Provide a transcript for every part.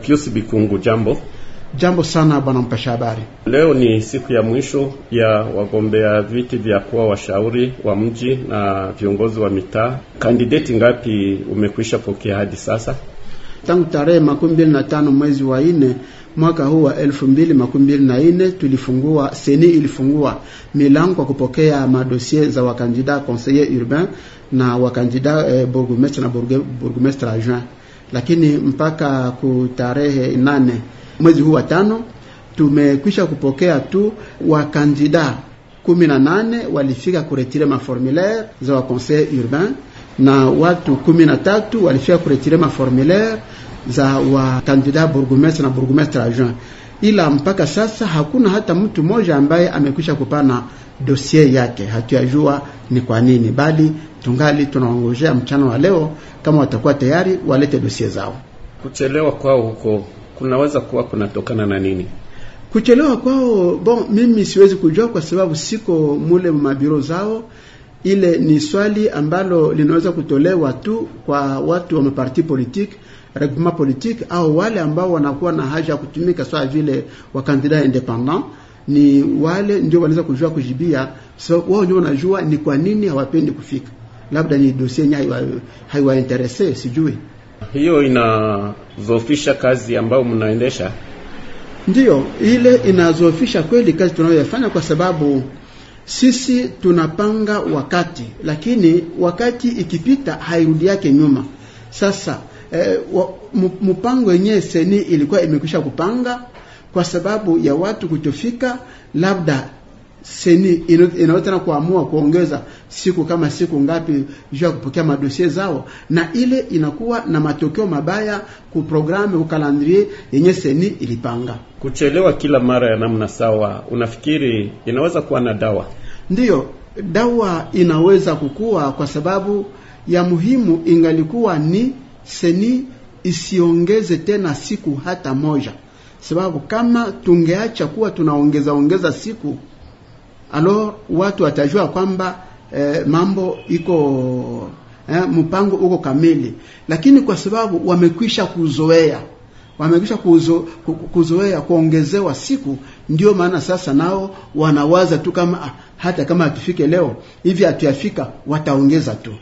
Pius Bikungu, jambo. Jambo sana bwana mpasha habari. Leo ni siku ya mwisho ya wagombea viti vya kuwa washauri wa mji na viongozi wa mitaa. Kandideti ngapi umekwisha pokea hadi sasa? Tangu tarehe makumi mbili na tano mwezi wa nne mwaka huu wa elfu mbili makumi mbili na nne tulifungua seni ilifungua milango kwa kupokea madosie za wakandida conseiller urbain na wakandida eh, burgumestre na burgumestre adjoint lakini mpaka kutarehe nane mwezi huu wa tano tumekwisha kupokea tu wakandida kumi na nane walifika kuretire maformulaire za wa conseil urbain na watu kumi na tatu walifika kuretire maformulaire za wakandida bourgmestre na bourgmestre adjoint ila mpaka sasa hakuna hata mtu mmoja ambaye amekwisha kupana dosie yake. Hatuyajua ni kwa nini, bali tungali tunaongojea mchana wa leo, kama watakuwa tayari walete dosie zao. Kuchelewa kwao huko kunaweza kuwa kunatokana na nini? Kuchelewa kwao, bon, mimi siwezi kujua kwa sababu siko mule mabiro zao. Ile ni swali ambalo linaweza kutolewa tu kwa watu wa maparti politique regroupement politique au wale ambao wanakuwa na haja ya kutumika sawa vile wakandida indépendant ni wale ndio wanaweza kujua kujibia, So wao ndio wanajua ni kwa nini hawapendi kufika, labda ni dosie yenye haiwainterese. Sijui hiyo inazofisha kazi ambayo mnaendesha, ndiyo ile inazofisha kweli kazi tunayoyafanya, kwa sababu sisi tunapanga wakati, lakini wakati ikipita hairudi yake nyuma. Sasa eh, mpango yenyewe seni ilikuwa imekwisha kupanga kwa sababu ya watu kutofika, labda seni inaweza tena kuamua kuongeza siku kama siku ngapi juu ya kupokea madosie zao, na ile inakuwa na matokeo mabaya kuprogramu calendrier yenye seni ilipanga. Kuchelewa kila mara ya namna sawa, unafikiri inaweza kuwa na dawa? Ndiyo, dawa inaweza kukua, kwa sababu ya muhimu ingalikuwa ni seni isiongeze tena siku hata moja, sababu kama tungeacha kuwa tunaongeza ongeza siku, alo, watu watajua kwamba eh, mambo iko eh, mpango uko kamili, lakini kwa sababu wamekwisha kuzoea wamekisha kuzoea kuongezewa siku, ndio maana sasa nao wanawaza tu kama ah, hata kama hatufike leo hivi hatuyafika, wataongeza tu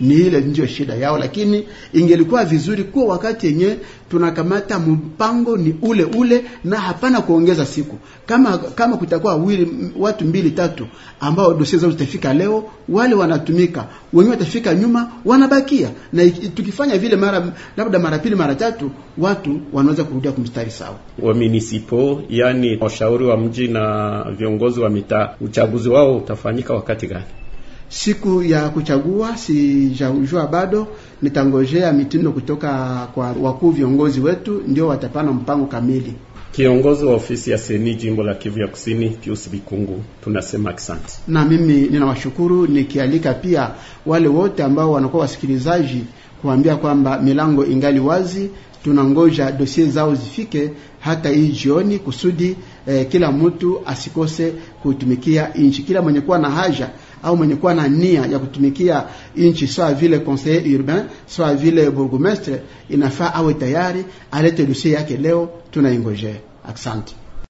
ni ile ndio shida yao, lakini ingelikuwa vizuri kuwa wakati yenye tunakamata mpango ni ule ule na hapana kuongeza siku. Kama kama kutakuwa wili, watu mbili tatu ambao dosia zao zitafika leo, wale wanatumika, wengine watafika nyuma, wanabakia na tukifanya vile mara labda mara pili mara tatu, watu wanaweza kurudia kumstari sawa. Wa munisipo, yani washauri wa mji na viongozi wa mitaa, uchaguzi wao utafanyika wakati gani? Siku ya kuchagua sijajua bado, nitangojea mitindo kutoka kwa wakuu viongozi wetu, ndio watapana mpango kamili. Kiongozi wa ofisi ya seni jimbo la Kivu ya Kusini, Pius Bikungu, tunasema asante. Na mimi ninawashukuru nikialika pia wale wote ambao wanakuwa wasikilizaji kuambia kwamba milango ingali wazi, tunangoja dosie zao zifike hata hii jioni kusudi eh, kila mtu asikose kutumikia nchi, kila mwenye kuwa na haja au mwenye kuwa na nia ya kutumikia nchi, sawa vile conseiller urbain, sawa vile bourgmestre, inafaa awe tayari alete dossier yake leo, tunaingojea. Asante.